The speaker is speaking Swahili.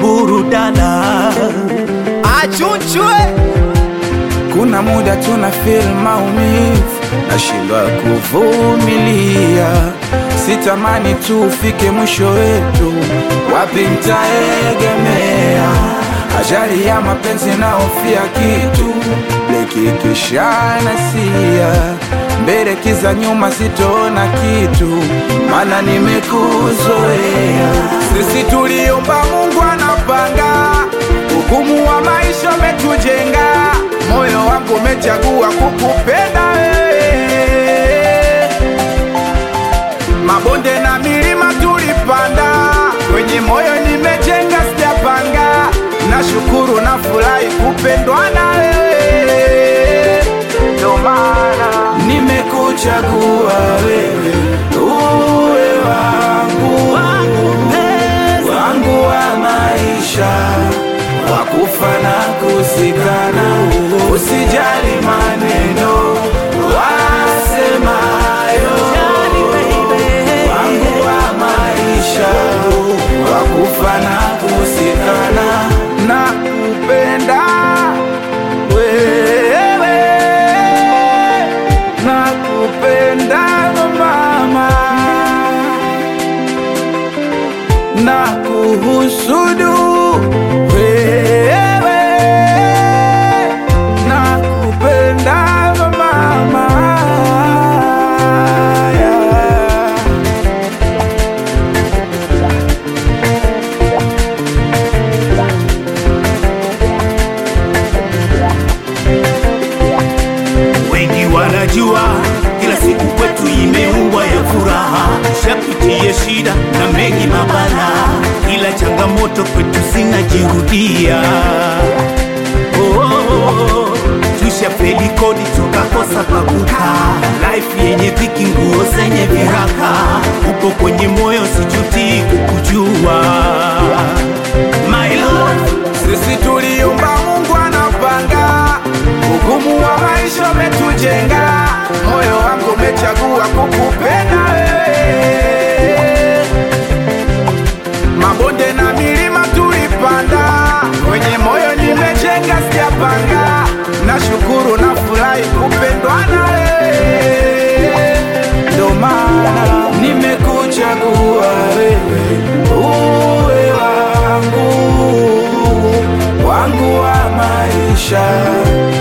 burudana, achunchwe. Kuna muda tuna feel maumivu, nashindwa kuvumilia, sitamani tufike mwisho wetu, wapi ntaegemea? Ajali ya mapenzi naofia kitu lekikishanasia mbele kiza nyuma, sitoona kitu, mana nimekuzoea umechagua kukupenda wewe Mabonde na milima tulipanda, kwenye moyo nimejenga sijapanga. Nashukuru na furahi kupendwa na wewe Ndo maana nimekuchagua wewe uwe wangu wangu wa maisha wakufana kusikana na kuhusudu wewe na kupenda mama Wengi wanajua kila siku kwetu imeumbwa ya furaha, shapitie shida na mengi mabala moto kwetu zinajirudia. Oh, oh, oh. oh, oh. tusha feli kodi tukakosa pakuka, life yenye viki nguo zenye viraka, uko kwenye moyo, sijuti kukujua my love. Sisi tuliumba, Mungu anapanga, ugumu wa maisha umetujenga, moyo wangu umechagua kukupe kupanga na shukuru na furahi kupendwa na wewe, ndo maana nimekuchagua wewe uwe wangu wangu wa maisha.